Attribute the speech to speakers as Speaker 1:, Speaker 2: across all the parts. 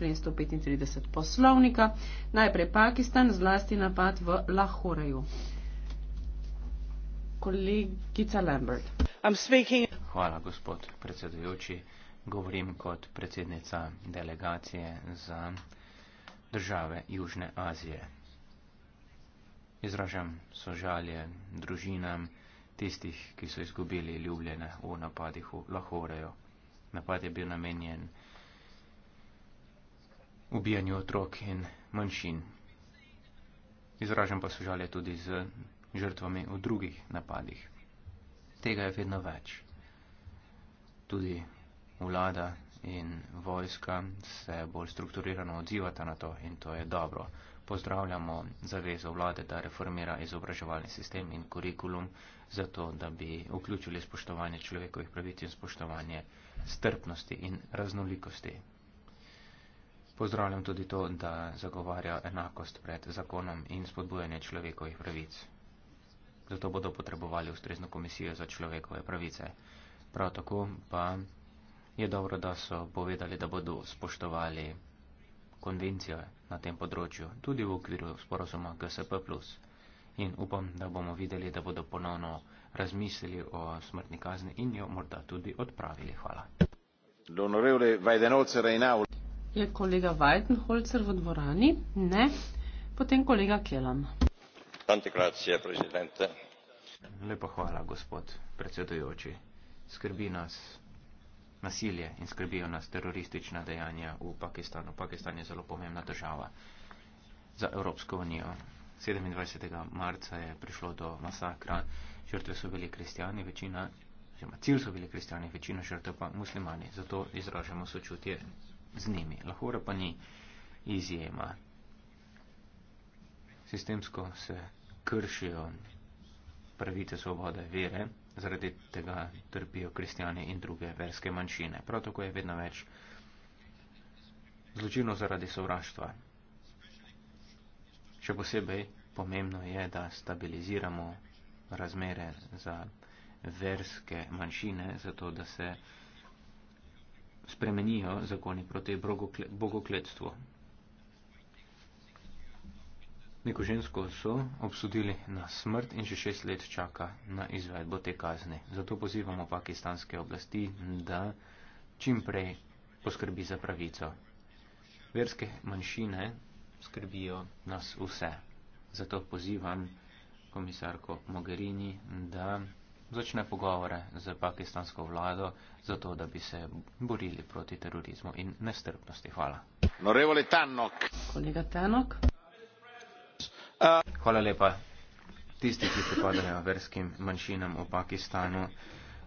Speaker 1: 335 poslovnika, najprej Pakistan, zlasti napad v Lahoreju. Kolegica Lambert.
Speaker 2: Hvala, gospod predsedujoči. Govorim kot predsednica delegacije za države Južne Azije. Izražam sožalje družinam tistih, ki so izgubili ljubljene v napadih v Lahoreju. Napad je bil namenjen ubijanju otrok in manjšin. Izražam pa sožalje tudi z žrtvami v drugih napadih. Tega je vedno več. Tudi vlada in vojska se bolj strukturirano odzivata na to in to je dobro. Pozdravljamo zavezo vlade, da reformira izobraževalni sistem in kurikulum zato, da bi vključili spoštovanje človekovih pravic in spoštovanje strpnosti in raznolikosti Pozdravljam tudi to, da zagovarja enakost pred zakonom in spodbujanje človekovih pravic. Zato bodo potrebovali ustrezno komisijo za človekove pravice. Prav tako pa je dobro, da so povedali, da bodo spoštovali konvencijo na tem področju, tudi v okviru sporozuma GSP. In upam, da bomo videli, da bodo ponovno razmislili o smrtni kazni in jo morda tudi odpravili. Hvala. Donorevle,
Speaker 1: Je kolega Weidenholzer v dvorani? Ne. Potem kolega Kelam.
Speaker 2: Lepo hvala, gospod predsedujoči. Skrbi nas nasilje in skrbijo nas teroristična dejanja v Pakistanu. Pakistan je zelo pomembna država za Evropsko unijo. 27. marca je prišlo do masakra. Žrtve so bili kristijani, večina, oziroma cilj so bili kristijani, večina žrtev pa muslimani. Zato izražamo sočutje z njimi. Lahura pa ni izjema. Sistemsko se kršijo pravice svobode vere, zaradi tega trpijo kristjani in druge verske manjšine. Prav tako je vedno več zločino zaradi sovraštva. Še posebej pomembno je, da stabiliziramo razmere za verske manjšine, zato da se spremenijo zakoni proti bogokletstvu. Neko žensko so obsodili na smrt in že šest let čaka na izvedbo te kazni. Zato pozivamo pakistanske oblasti, da čim prej poskrbi za pravico. Verske manjšine skrbijo nas vse. Zato pozivam komisarko Mogherini, da začne pogovore z pakistansko vlado, zato da bi se borili proti terorizmu in nestrpnosti. Hvala. Tannok. Uh, Hvala lepa. Tisti, ki pripadajo verskim manjšinam v Pakistanu,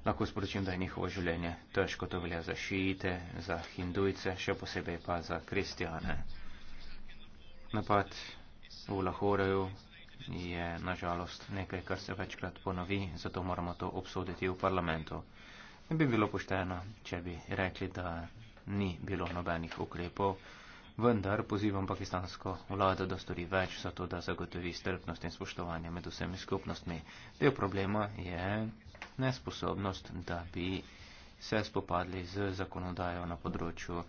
Speaker 2: lahko sporočim, da je njihovo življenje težko, to velja za šiite, za hindujce, še posebej pa za kristijane. Napad v Lahoreju, je nažalost nekaj, kar se večkrat ponovi, zato moramo to obsoditi v parlamentu. Ne bi bilo pošteno, če bi rekli, da ni bilo nobenih ukrepov, vendar pozivam pakistansko vlado, da stori več za to, da zagotovi strpnost in spoštovanje med vsemi skupnostmi. Del problema je nesposobnost, da bi se spopadli z zakonodajo na področju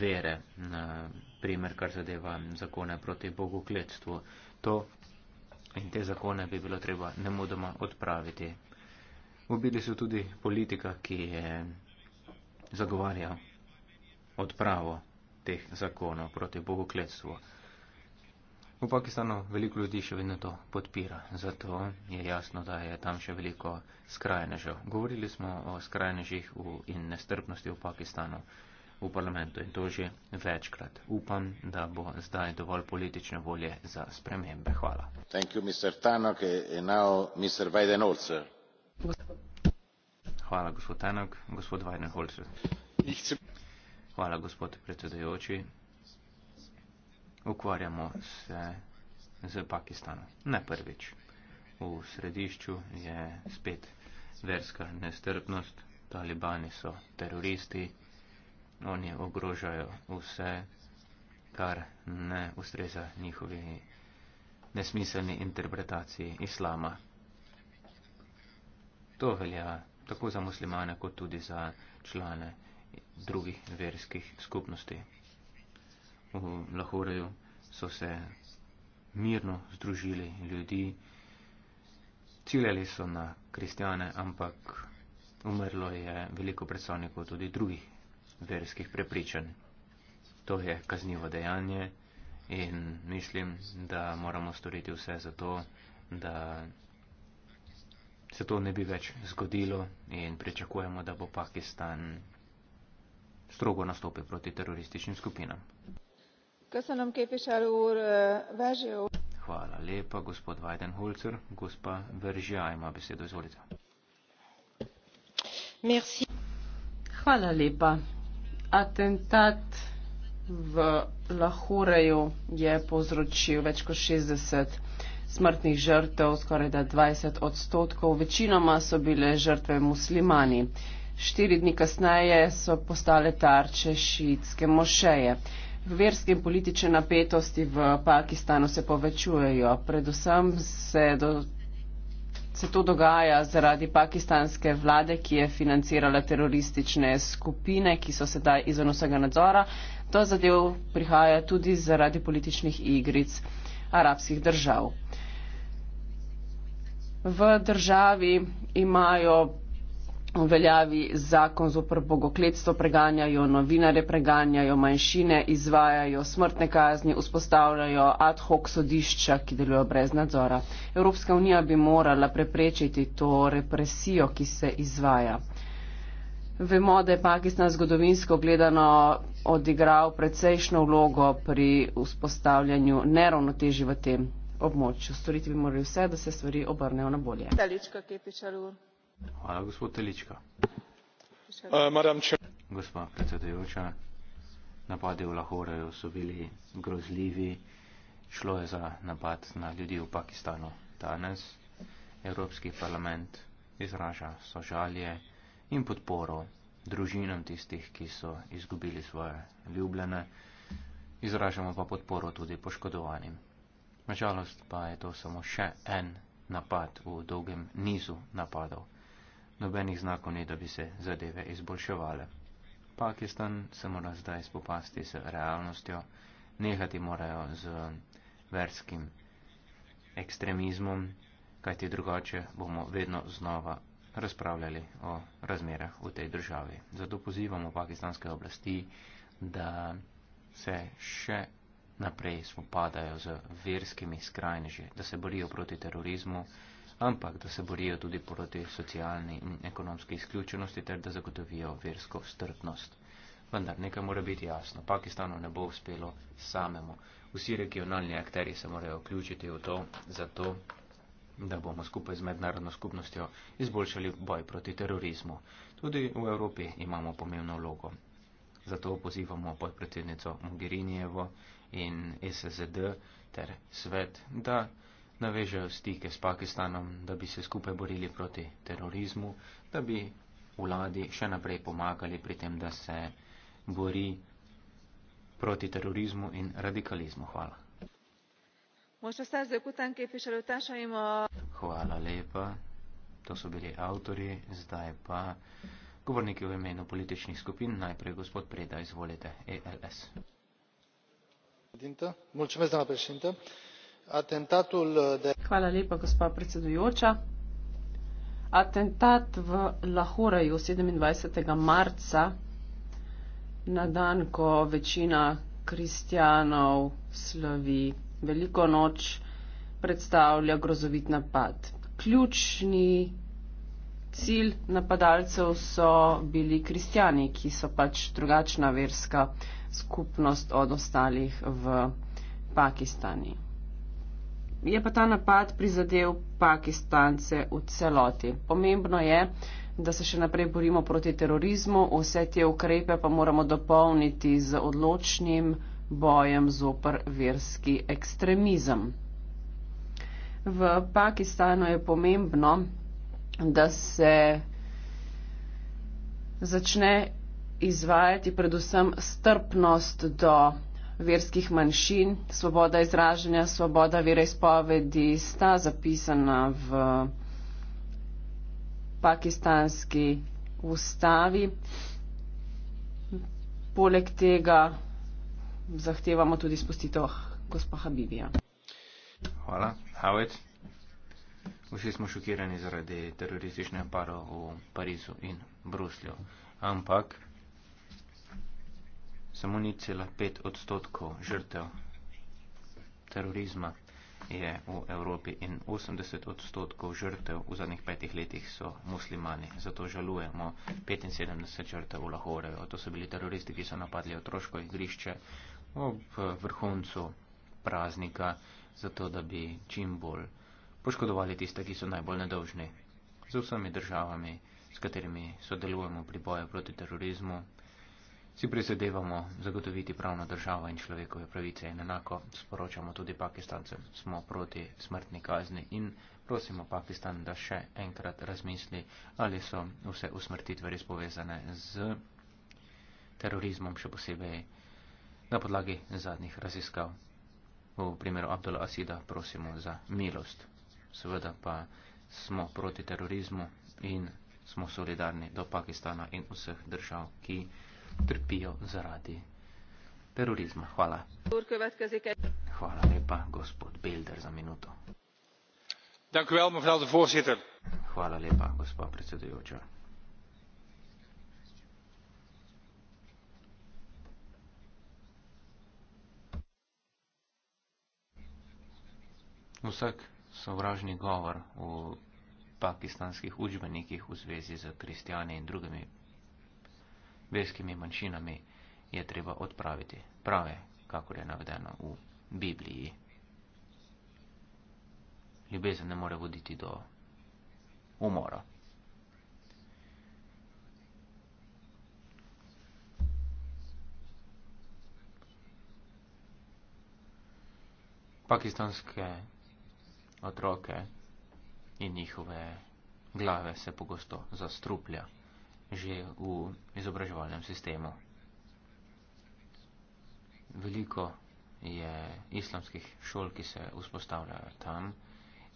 Speaker 2: vere, na primer, kar zadeva zakone proti bogokletstvu. To in te zakone bi bilo treba nemudoma odpraviti. Ubili so tudi politika, ki je zagovarjal odpravo teh zakonov proti bogokletstvu. V Pakistanu veliko ljudi še vedno to podpira, zato je jasno, da je tam še veliko skrajnežev. Govorili smo o skrajnežih v, in nestrpnosti v Pakistanu v parlamentu in to že večkrat. Upam, da bo zdaj dovolj politične volje za spremembe. Hvala. Hvala, gospod Tanok. Gospod Weidenholzer. Hvala, gospod predsedajoči. Ukvarjamo se z Pakistanom. Ne prvič. V središču je spet verska nestrpnost. Talibani so teroristi oni ogrožajo vse, kar ne ustreza njihovi nesmiselni interpretaciji islama. To velja tako za muslimane, kot tudi za člane drugih verskih skupnosti. V Lahoreju so se mirno združili ljudi, ciljali so na kristjane, ampak umrlo je veliko predstavnikov tudi drugih verskih prepričanj. To je kaznivo dejanje in mislim, da moramo storiti vse za to, da se to ne bi več zgodilo in pričakujemo, da bo Pakistan strogo nastopil proti terorističnim skupinam. Eh, Hvala lepa, gospod Weidenholzer. Gospa Veržija ima besedo, izvolite.
Speaker 1: Merci. Hvala lepa. Atentat v Lahoreju je povzročil več kot 60 smrtnih žrtev, skoraj da 20 odstotkov. Večinoma so bile žrtve muslimani. Štiri dni kasneje so postale tarče šiitske mošeje. Verske in politične napetosti v Pakistanu se povečujejo. Predvsem se do se to dogaja zaradi pakistanske vlade, ki je financirala teroristične skupine, ki so sedaj izven vsega nadzora. To zadev prihaja tudi zaradi političnih igric arabskih držav. V državi imajo uveljavi zakon zopr bogokletstvo, preganjajo novinare, preganjajo manjšine, izvajajo smrtne kazni, vzpostavljajo ad hoc sodišča, ki delujejo brez nadzora. Evropska unija bi morala preprečiti to represijo, ki se izvaja. Vemo, da je Pakistan zgodovinsko gledano odigral precejšno vlogo pri vzpostavljanju neravnoteži v tem območju. Storiti bi morali vse, da se stvari obrnejo na bolje. Talička,
Speaker 2: Hvala, gospod Telička. Uh, Gospa predsedujoča, napadi v Lahoreju so bili grozljivi. Šlo je za napad na ljudi v Pakistanu. Danes Evropski parlament izraža sožalje in podporo družinam tistih, ki so izgubili svoje ljubljene. Izražamo pa podporo tudi poškodovanim. Nažalost pa je to samo še en napad v dolgem nizu napadov nobenih znakov ni, da bi se zadeve izboljševale. Pakistan se mora zdaj spopasti s realnostjo, nehati morajo z verskim ekstremizmom, kajti drugače bomo vedno znova razpravljali o razmerah v tej državi. Zato pozivamo pakistanske oblasti, da se še naprej spopadajo z verskimi skrajneži, da se borijo proti terorizmu ampak da se borijo tudi proti socialni in ekonomski izključenosti ter da zagotovijo versko strpnost. Vendar nekaj mora biti jasno, Pakistanu ne bo uspelo samemu. Vsi regionalni akteri se morajo vključiti v to, zato da bomo skupaj z mednarodno skupnostjo izboljšali boj proti terorizmu. Tudi v Evropi imamo pomembno vlogo. Zato pozivamo podpredsednico Mogherinijevo in SSD ter svet, da navežejo stike s Pakistanom, da bi se skupaj borili proti terorizmu, da bi vladi še naprej pomagali pri tem, da se bori proti terorizmu in radikalizmu. Hvala. Hvala lepa. To so bili avtori, zdaj pa govorniki v imenu političnih skupin. Najprej gospod Preda, izvolite, ELS. Mulțumesc, doamna președintă. Hvala lepa, gospa predsedujoča.
Speaker 1: Atentat v Lahoraju 27. marca, na dan, ko večina kristjanov slavi veliko noč, predstavlja grozovit napad. Ključni cilj napadalcev so bili kristjani, ki so pač drugačna verska skupnost od ostalih v Pakistanu je pa ta napad prizadel pakistance v celoti. Pomembno je, da se še naprej borimo proti terorizmu, vse te ukrepe pa moramo dopolniti z odločnim bojem zopr verski ekstremizem. V Pakistanu je pomembno, da se začne izvajati predvsem strpnost do verskih manjšin, svoboda izražanja, svoboda veroizpovedi sta zapisana v pakistanski ustavi. Poleg tega zahtevamo tudi spustitev gospa Habibija.
Speaker 2: Hvala. Havet. Vsi smo šokirani zaradi terorističnih parov v Parizu in Bruslju. Ampak samo ni cela pet odstotkov žrtev terorizma je v Evropi in 80 odstotkov žrtev v zadnjih petih letih so muslimani. Zato žalujemo 75 žrtev v Lahoreju. To so bili teroristi, ki so napadli otroško igrišče ob vrhuncu praznika, zato da bi čim bolj poškodovali tiste, ki so najbolj nedolžni. Z vsemi državami, s katerimi sodelujemo pri boju proti terorizmu, si prizadevamo zagotoviti pravno državo in človekove pravice. In enako sporočamo tudi Pakistancem, smo proti smrtni kazni in prosimo Pakistan, da še enkrat razmisli, ali so vse usmrtitve res povezane z terorizmom, še posebej na podlagi zadnjih raziskav. V primeru Abdul Asida prosimo za milost. Seveda pa smo proti terorizmu in smo solidarni do Pakistana in vseh držav, ki trpijo zaradi terorizma. Hvala. Hvala lepa, gospod Belder, za minuto. Dank u wel, mevrouw de voorzitter. Hvala lepa, gospod predsedujoča. Vsak sovražni govor v pakistanskih učbenikih v zvezi z kristijani in drugimi verskimi manjšinami je treba odpraviti prave, kako je navedeno v Bibliji. Ljubezen ne more voditi do umora. Pakistanske otroke in njihove glave se pogosto zastruplja že v izobraževalnem sistemu. Veliko je islamskih šol, ki se vzpostavljajo tam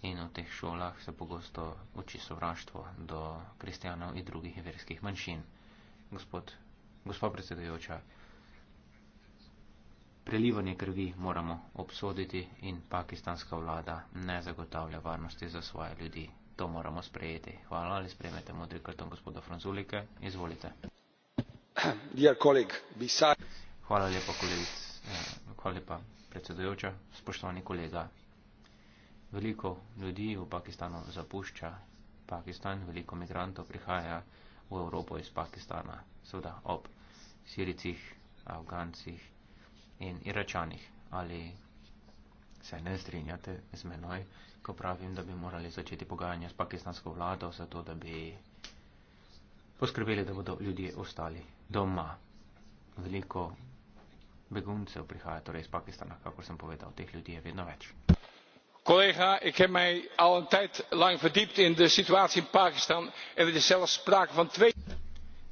Speaker 2: in v teh šolah se pogosto uči sovraštvo do kristijanov in drugih verskih manjšin. Gospod, gospod predsedujoča, prelivanje krvi moramo obsoditi in pakistanska vlada ne zagotavlja varnosti za svoje ljudi to moramo sprejeti. Hvala ali sprejmete modri karton gospoda Franzulike. Izvolite. Hvala lepa, kolegic. Eh, hvala lepa, predsedujoča. Spoštovani kolega. Veliko ljudi v Pakistanu zapušča Pakistan, veliko migrantov prihaja v Evropo iz Pakistana, seveda ob Siricih, Afgancih in Iračanih. Ali se ne strinjate z menoj, ko pravim, da bi morali začeti pogajanja s pakistansko vlado, zato da bi poskrbeli, da bodo ljudje ostali doma. Veliko beguncev prihaja torej iz Pakistana, kako sem povedal, teh ljudi je vedno več. Kolega, ik heb mij al een tijd lang verdiept in de situatie in Pakistan en er is zelfs sprake van twee.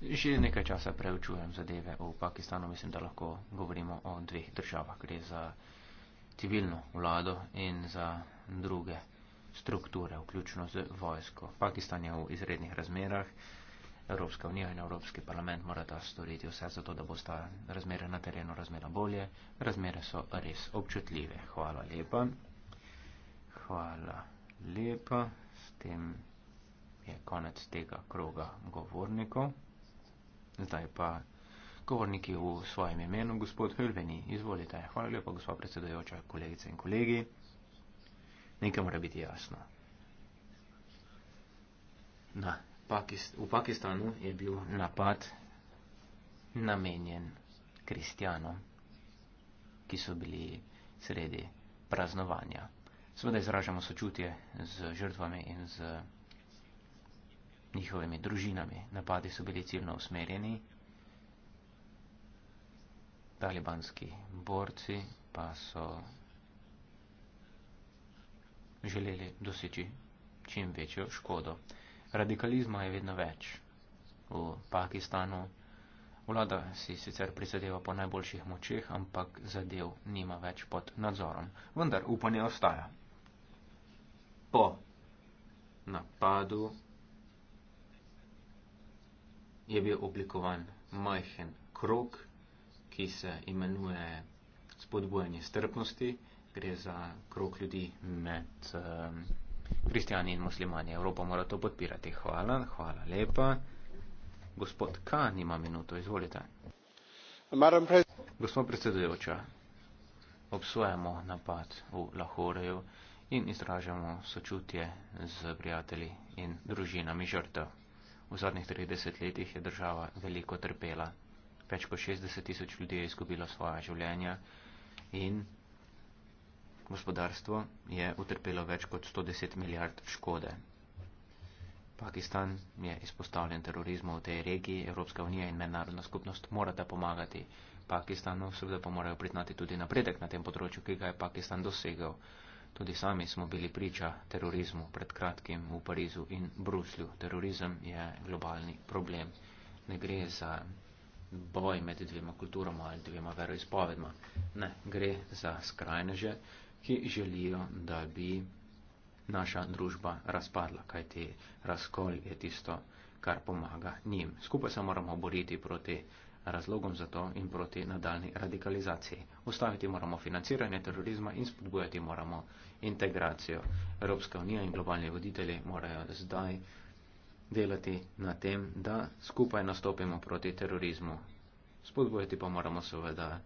Speaker 2: Že nekaj časa preučujem zadeve v Pakistanu, mislim, da lahko govorimo o dveh državah. Gre za civilno vlado in za druge strukture, vključno z vojsko. Pakistan je v izrednih razmerah, Evropska unija in Evropski parlament morata storiti vse za to, da bosta razmere na terenu razmera bolje. Razmere so res občutljive. Hvala lepa. Hvala lepa. S tem je konec tega kroga govornikov. Zdaj pa govorniki v svojem imenu, gospod Hrveni. Izvolite. Hvala lepa, gospod predsedojoča, kolegice in kolegi. Nekaj mora biti jasno. Na, Pakist v Pakistanu je bil napad namenjen kristjanom, ki so bili sredi praznovanja. Sveda izražamo sočutje z žrtvami in z njihovimi družinami. Napadi so bili ciljno usmerjeni talibanski borci pa so želeli doseči čim večjo škodo. Radikalizma je vedno več. V Pakistanu vlada si sicer prizadeva po najboljših močeh, ampak zadev nima več pod nadzorom. Vendar upanje ostaja. Po napadu je bil oblikovan majhen krok ki se imenuje spodbujanje strpnosti. Gre za krok ljudi med um, kristijani in muslimani. Evropa mora to podpirati. Hvala, hvala lepa. Gospod K. nima minuto, izvolite. Gospod predsedujoča, obsojamo napad v Lahoreju in izražamo sočutje z prijatelji in družinami žrtev. V zadnjih 30 letih je država veliko trpela več kot 60 tisoč ljudi je izgubilo svoja življenja in gospodarstvo je utrpelo več kot 110 milijard škode. Pakistan je izpostavljen terorizmu v tej regiji, Evropska unija in mednarodna skupnost morata pomagati Pakistanu, seveda pa morajo priznati tudi napredek na tem področju, ki ga je Pakistan dosegel. Tudi sami smo bili priča terorizmu pred kratkim v Parizu in Bruslju. Terorizem je globalni problem. Ne gre za boj med dvema kulturama ali dvema veroizpovedma. Ne, gre za skrajneže, ki želijo, da bi naša družba razpadla, kajti razkol je tisto, kar pomaga njim. Skupaj se moramo boriti proti razlogom za to in proti nadaljni radikalizaciji. Ustaviti moramo financiranje terorizma in spodbujati moramo integracijo. Evropska unija in globalni voditelji morajo zdaj delati na tem, da skupaj nastopimo proti terorizmu. Spodbojati pa moramo seveda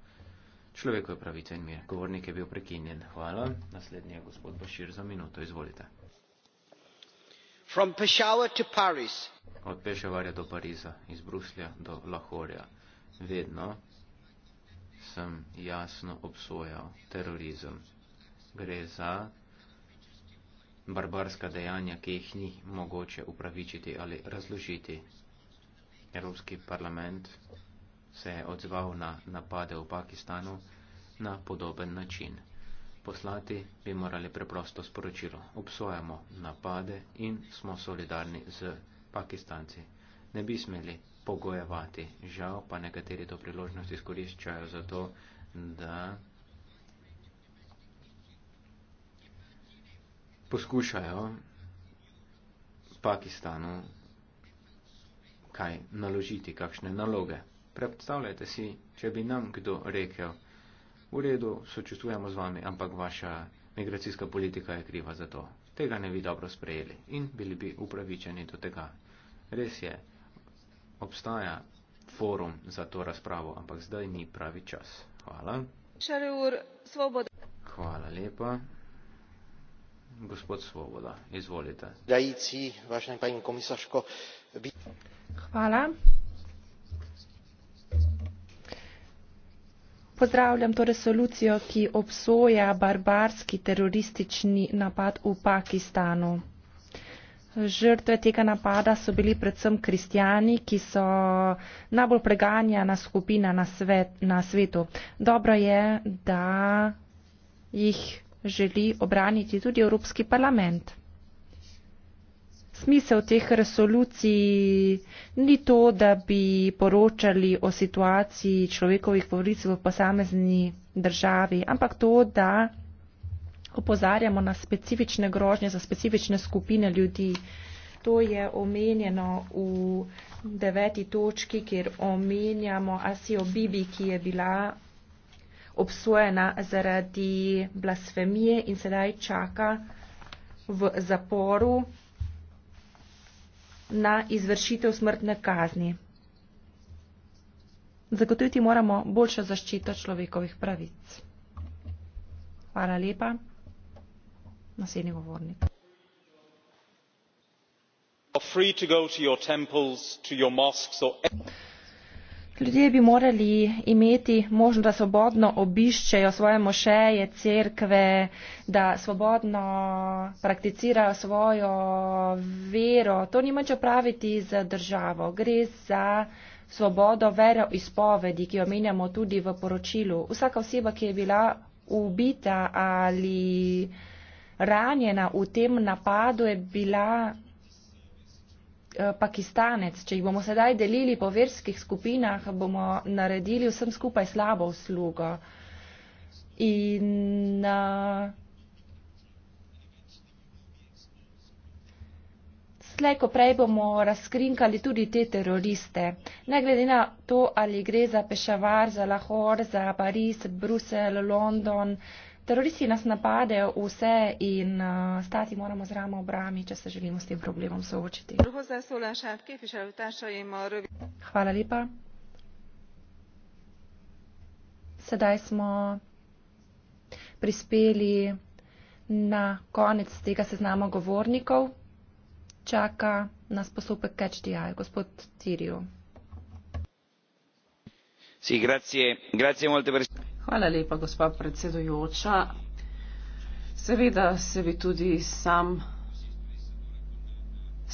Speaker 2: človekove pravice in mir. Govornik je bil prekinjen. Hvala. Naslednji je gospod Bašir za minuto. Izvolite. Od Pešavarja do Pariza, iz Bruslja do Lahorja, vedno sem jasno obsojal terorizem. Gre za barbarska dejanja, ki jih ni mogoče upravičiti ali razložiti. Evropski parlament se je odzval na napade v Pakistanu na podoben način. Poslati bi morali preprosto sporočilo. Obsojamo napade in smo solidarni z Pakistanci. Ne bi smeli pogojevati. Žal pa nekateri to priložnost izkoriščajo za to, da poskušajo Pakistanu kaj naložiti, kakšne naloge. Predstavljajte si, če bi nam kdo rekel, v redu, sočustujemo z vami, ampak vaša migracijska politika je kriva za to. Tega ne bi dobro sprejeli in bili bi upravičeni do tega. Res je, obstaja forum za to razpravo, ampak zdaj ni pravi čas. Hvala. Hvala lepa
Speaker 3: pozdravljam to resolucijo ki obsoja barbarski teroristični napad v pakistanu žrtve tega napada so bili predvsem kristijani ki so najbolj preganjana skupina na, svet, na svetu dobro je da jih želi obraniti tudi Evropski parlament. Smisel teh resolucij ni to, da bi poročali o situaciji človekovih pravic v posamezni državi, ampak to, da opozarjamo na specifične grožnje za specifične skupine ljudi. To je omenjeno v deveti točki, kjer omenjamo Asijo Bibi, ki je bila obsojena zaradi blasfemije in sedaj čaka v zaporu na izvršitev smrtne kazni. Zagotoviti moramo boljšo zaščito človekovih pravic. Hvala lepa. Naslednji govornik.
Speaker 2: Are free to go to your temples, to your mosques or...
Speaker 3: Ljudje bi morali imeti možnost, da svobodno obiščejo svoje mošeje, cerkve, da svobodno prakticirajo svojo vero. To nima če praviti z državo. Gre za svobodo vero izpovedi, ki jo menjamo tudi v poročilu. Vsaka oseba, ki je bila ubita ali ranjena v tem napadu, je bila Eh, pakistanec. Če jih bomo sedaj delili po verskih skupinah, bomo naredili vsem skupaj slabo uslugo. In uh, eh, slejko prej bomo razkrinkali tudi te teroriste. Ne glede na to, ali gre za Pešavar, za Lahore, za Pariz, Brusel, London, uh, Teroristi nas napadejo vse in uh, stati moramo z ramo ob rami, če se želimo s tem problemom soočiti. Hvala lepa. Sedaj smo prispeli na konec tega seznama govornikov. Čaka nas postopek CHDI. Gospod Tirijo. Sì, grazie, grazie molte persone. Hvala lepa, gospa
Speaker 1: predsedujoča. Seveda se bi tudi sam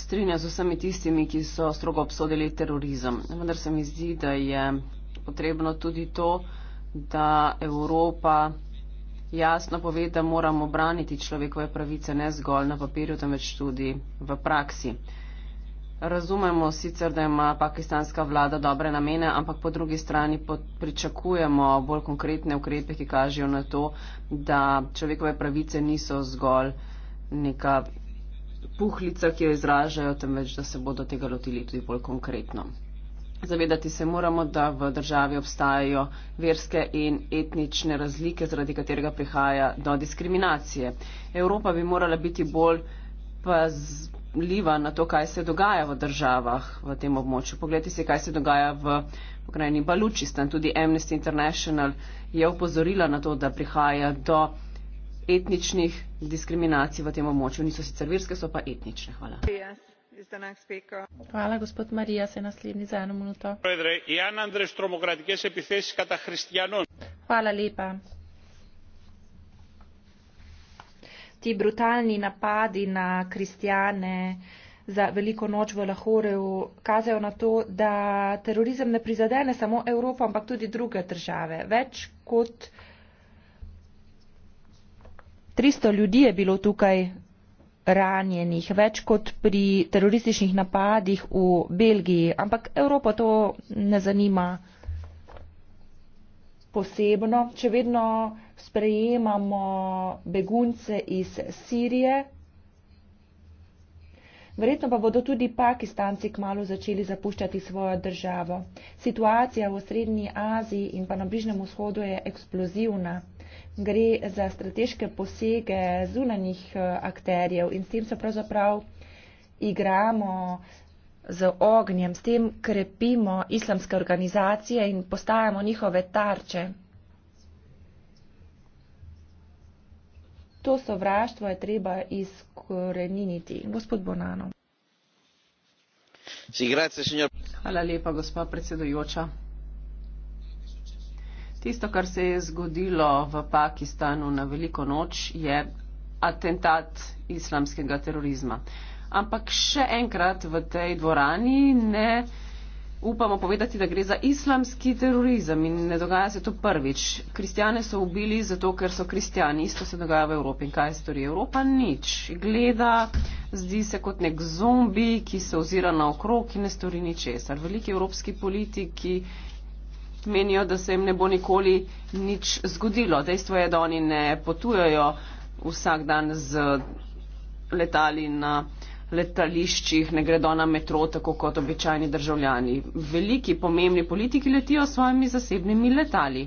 Speaker 1: strinjal z vsemi tistimi, ki so strogo obsodili terorizem. Vendar se mi zdi, da je potrebno tudi to, da Evropa jasno pove, da moramo braniti človekove pravice ne zgolj na papirju, temveč tudi v praksi. Uh, Razumemo sicer, da ima pakistanska vlada dobre namene, ampak po drugi strani pričakujemo bolj konkretne ukrepe, ki kažejo na to, da človekove pravice niso zgolj neka puhlica, ki jo izražajo, temveč da se bodo tega lotili tudi bolj konkretno. Zavedati se moramo, da v državi obstajajo verske in etnične razlike, zaradi katerega prihaja do diskriminacije. Evropa bi morala biti bolj pa z vpliva na to, kaj se dogaja v državah v tem območju. Poglejte si, kaj se dogaja v pokrajini Balučistan. Tudi Amnesty International je upozorila na to, da prihaja do etničnih diskriminacij v tem območju. Niso sicer virske, so
Speaker 2: pa etnične. Hvala.
Speaker 3: Hvala, gospod Marija, se naslednji za eno minuto. Hvala lepa. ti brutalni napadi na kristijane za veliko noč v Lahoreju kazajo na to, da terorizem ne prizadene samo Evropo, ampak tudi druge države. Več kot 300 ljudi je bilo tukaj ranjenih, več kot pri terorističnih napadih v Belgiji, ampak Evropo to ne zanima posebno, če vedno sprejemamo begunce iz Sirije. Verjetno pa bodo tudi pakistanci kmalo začeli zapuščati svojo državo. Situacija v Srednji Aziji in pa na Bližnem vzhodu je eksplozivna. Gre za strateške posege zunanjih eh, akterjev in s tem se pravzaprav igramo z ognjem, s tem krepimo islamske organizacije in postajamo njihove tarče. To sovraštvo je treba izkoreniniti. Gospod Bonano.
Speaker 1: Hvala lepa, gospod predsedujoča. Tisto, kar se je zgodilo v Pakistanu na veliko noč, je atentat islamskega terorizma ampak še enkrat v tej dvorani ne upamo povedati, da gre za islamski terorizem in ne dogaja se to prvič. Kristijane so ubili zato, ker so kristijani. Isto se dogaja v Evropi. In kaj stori Evropa? Nič. Gleda, zdi se kot nek zombi, ki se ozira na okrog in ne stori ničesar. Veliki evropski politiki menijo, da se jim ne bo nikoli nič zgodilo. Dejstvo je, da oni ne potujejo vsak dan z letali na letališčih, ne gredo na metro, tako kot običajni državljani. Veliki, pomembni politiki letijo s svojimi zasebnimi letali.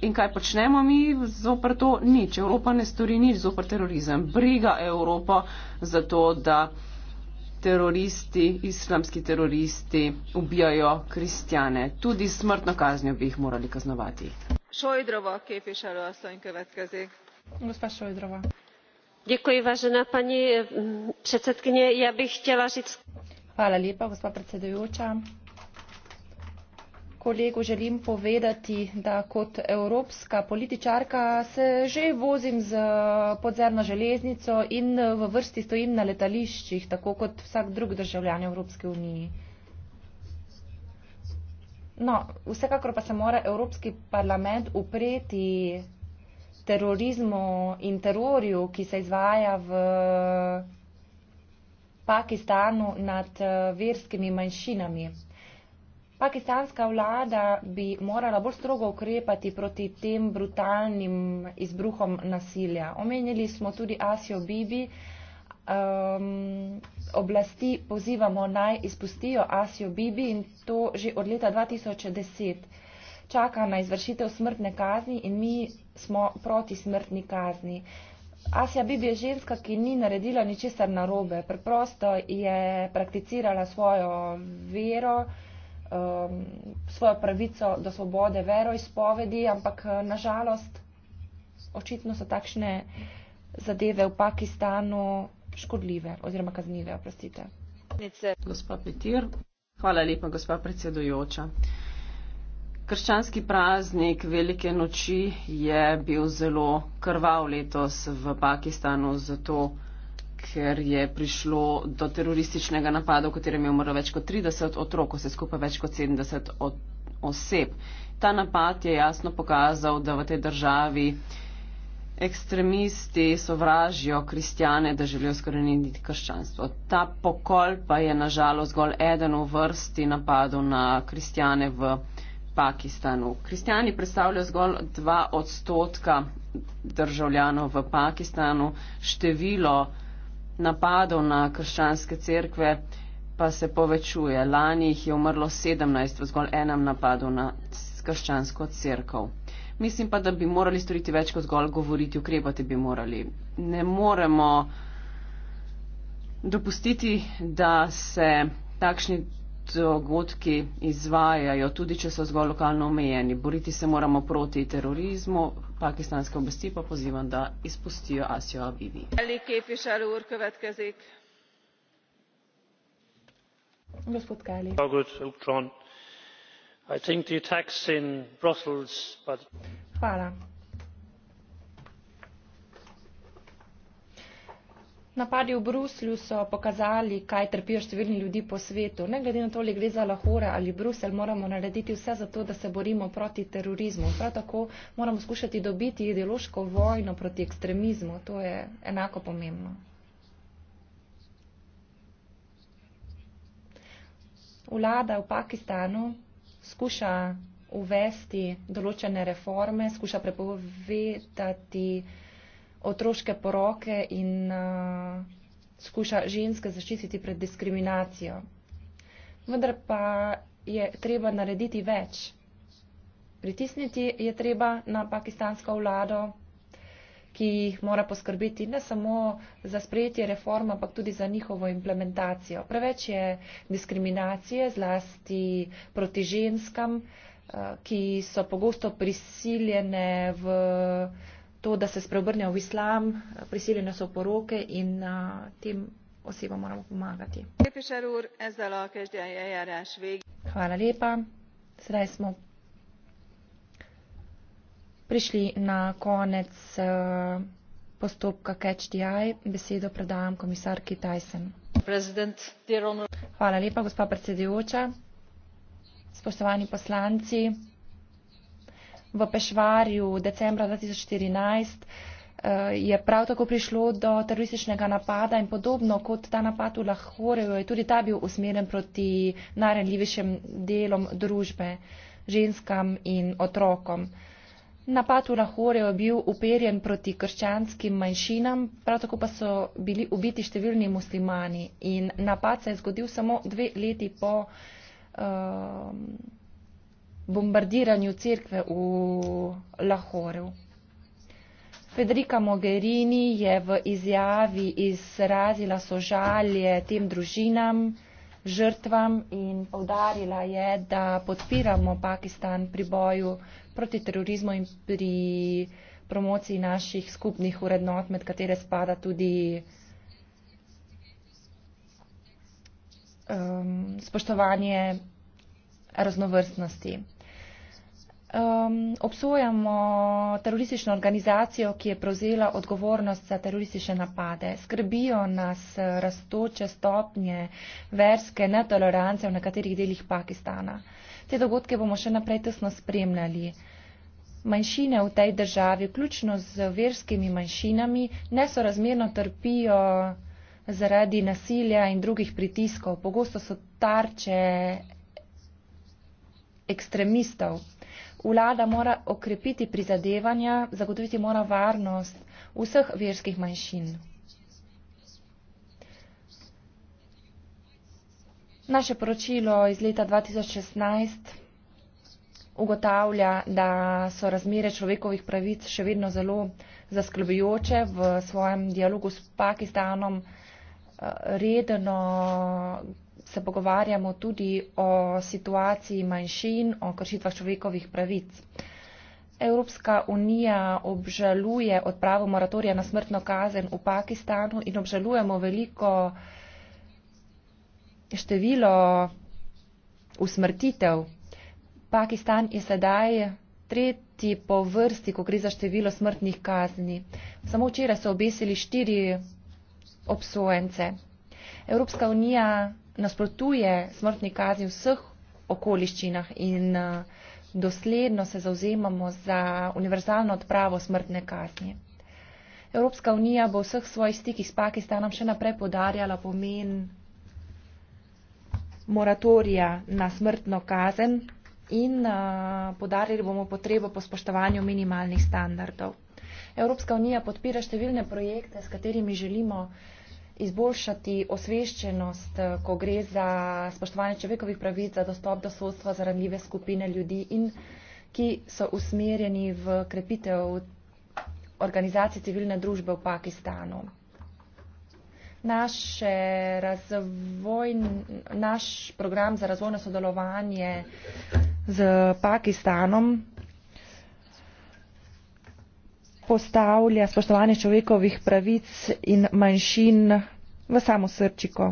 Speaker 1: In kaj počnemo mi zopr to? Nič. Evropa ne stori nič zopr terorizem. Briga Evropo za to, da teroristi, islamski teroristi ubijajo kristjane. Tudi smrtno kaznjo bi jih morali kaznovati. Šojdrovo, kje pišalo, so in kaj vedkazi?
Speaker 3: Gospa Šojdrova. Eh, gospa predsedujoča kolegu želim povedati da kot evropska političarka se že vozim s podzemno železnico in eh, v vrsti stojim na letališčih tako kot vsak drug državljan evropske unije. no vsekakor pa se mora evropski parlament upreti terorizmu in terorju, ki se izvaja v Pakistanu nad eh, verskimi manjšinami. Pakistanska vlada bi morala bolj strogo ukrepati proti tem brutalnim izbruhom nasilja. Omenili smo tudi Asijo Bibi. Um, oblasti pozivamo naj izpustijo Asijo Bibi in to že od leta 2010 čaka na izvršitev smrtne kazni in mi smo proti smrtni kazni. Asja Bibi je ženska, ki ni naredila ničesar narobe, preprosto je prakticirala svojo vero, um, svojo pravico do svobode veroizpovedi, ampak eh, nažalost očitno so takšne zadeve v Pakistanu škodljive oziroma kaznive. Oprostite.
Speaker 1: Gospa Petir. Hvala lepa, gospa predsedujoča. Krščanski praznik Velike noči je bil zelo krval letos v Pakistanu, zato ker je prišlo do terorističnega napada, v katerem je umrlo več kot 30 otrok, vse skupaj več kot 70 oseb. Ta napad je jasno pokazal, da v tej državi ekstremisti sovražijo kristjane, da želijo skoreniti krščanstvo. Ta pokol pa je nažalost zgolj eden v vrsti napadov na kristjane v Pakistanu. Pakistanu. Kristijani predstavljajo zgolj dva odstotka državljanov v Pakistanu, število napadov na krščanske cerkve pa se povečuje. Lani jih je umrlo 17 v zgolj enem napadu na krščansko cerkev. Mislim pa, da bi morali storiti več kot zgolj govoriti, ukrepati bi morali. Ne moremo dopustiti, da se takšni dogodki izvajajo, tudi če so zgolj lokalno omejeni. Boriti se moramo proti terorizmu, pakistanske oblasti pa pozivam, da izpustijo Asijo Abibi.
Speaker 3: Gospod Kali. Hvala. Napadi v Bruslju so pokazali, kaj trpijo številni ljudi po svetu. Ne glede na to, ali gre za Lahore ali Bruselj, moramo narediti vse za to, da se borimo proti terorizmu. Prav tako moramo skušati dobiti ideološko vojno proti ekstremizmu. To je enako pomembno. Vlada v Pakistanu skuša uvesti določene reforme, skuša prepovedati otroške poroke in uh, skuša ženske zaščititi pred diskriminacijo. Vendar pa je treba narediti več. Pritisniti je treba na pakistansko vlado, ki jih mora poskrbeti ne samo za sprejetje reform, ampak tudi za njihovo implementacijo. Preveč je diskriminacije, zlasti proti ženskam, eh, ki so pogosto prisiljene v to, da se spreobrnejo v islam, prisiljene so poroke in a, tem osebam moramo pomagati. Hvala lepa. Sedaj smo prišli na konec a, postopka Catch the Eye. Besedo predajam komisarki Tyson. Hvala lepa, gospa predsedujoča. Spoštovani poslanci, v Pešvarju decembra 2014 eh, je prav tako prišlo do terorističnega napada in podobno kot ta napad v Lahorju je tudi ta bil usmerjen proti najranljivejšim delom družbe, ženskam in otrokom. Napad v Lahorju je bil uperjen proti krščanskim manjšinam, prav tako pa so bili ubiti številni muslimani in napad se je zgodil samo dve leti po. Uh, bombardiranju cerkve v Lahoru. Federica Mogherini je v izjavi izrazila sožalje tem družinam, žrtvam in povdarila je, da podpiramo Pakistan pri boju proti terorizmu in pri promociji naših skupnih urednot, med katere spada tudi um, spoštovanje raznovrstnosti. Um, obsojamo teroristično organizacijo, ki je prevzela odgovornost za teroristične napade. Skrbijo nas eh, rastoče stopnje verske netolerance v nekaterih delih Pakistana. Te dogodke bomo še naprej tesno spremljali. Manjšine v tej državi, vključno z verskimi manjšinami, nesorazmerno trpijo zaradi nasilja in drugih pritiskov. Pogosto so tarče ekstremistov. Vlada mora okrepiti prizadevanja, zagotoviti mora varnost vseh verskih manjšin. Naše poročilo iz leta 2016 ugotavlja, da so razmere človekovih pravic še vedno zelo zaskrbljujoče. V svojem dialogu s Pakistanom eh, redno se pogovarjamo tudi o situaciji manjšin, o kršitvah človekovih pravic. Evropska unija obžaluje odpravo moratorija na smrtno kazen v Pakistanu in obžalujemo veliko število usmrtitev. Pakistan je sedaj tretji po vrsti, ko gre za število smrtnih kazni. Samo včeraj so obesili štiri obsojence. Evropska unija nasprotuje smrtni kazni v vseh okoliščinah in eh, dosledno se zauzemamo za univerzalno odpravo smrtne kazni. Evropska unija bo v vseh svojih stikih s Pakistanom še naprej podarjala pomen moratorija na smrtno kazen in eh, podarili bomo potrebo po spoštovanju minimalnih standardov. Evropska unija podpira številne projekte, s katerimi želimo izboljšati osveščenost, eh, ko gre za spoštovanje človekovih pravic, za dostop do sodstva za ranljive skupine ljudi in ki so usmerjeni v krepitev organizacije civilne družbe v Pakistanu. Naš, razvoj, naš program za razvojno sodelovanje z Pakistanom postavlja spoštovanje človekovih pravic in manjšin v samo srčiko.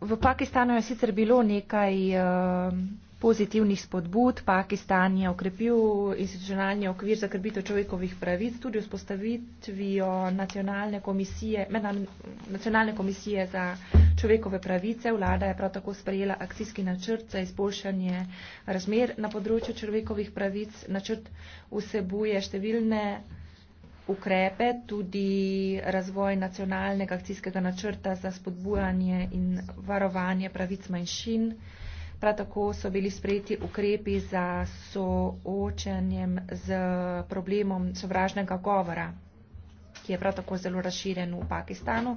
Speaker 3: V Pakistanu je sicer bilo nekaj uh, pozitivnih spodbud. Pakistan je okrepil institucionalni okvir za krbitev človekovih pravic tudi vzpostavitvijo nacionalne komisije, nacionalne komisije za človekove pravice. Vlada je prav tako sprejela akcijski načrt za izboljšanje razmer na področju človekovih pravic. Načrt vsebuje številne ukrepe, tudi razvoj nacionalnega akcijskega načrta za spodbujanje in varovanje pravic manjšin. Prav tako so bili sprejeti ukrepi za soočenjem z problemom sovražnega govora, ki je prav tako zelo razširjen v Pakistanu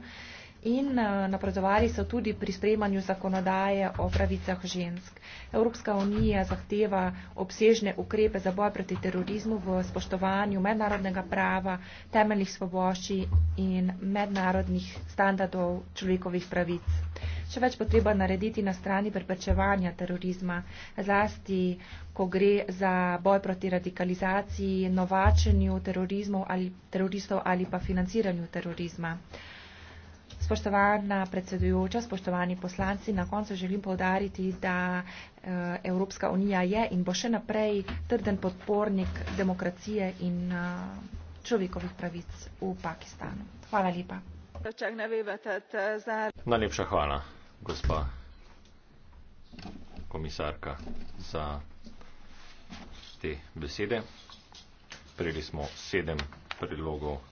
Speaker 3: in eh, napredovali so tudi pri sprejemanju zakonodaje o pravicah žensk. Evropska unija zahteva obsežne ukrepe za boj proti terorizmu v spoštovanju mednarodnega prava, temeljnih svoboščin in mednarodnih standardov človekovih pravic. Še več bo treba narediti na strani preprečevanja terorizma, zlasti ko gre za boj proti radikalizaciji, novačenju ali, teroristov ali pa financiranju terorizma. Spoštovana predsedujoča, spoštovani poslanci, na koncu želim povdariti, da eh, Evropska unija je in bo še naprej trden podpornik demokracije in eh, človekovih pravic v Pakistanu. Hvala lepa.
Speaker 2: Najlepša hvala, gospa komisarka, za te besede. Prejeli smo sedem predlogov.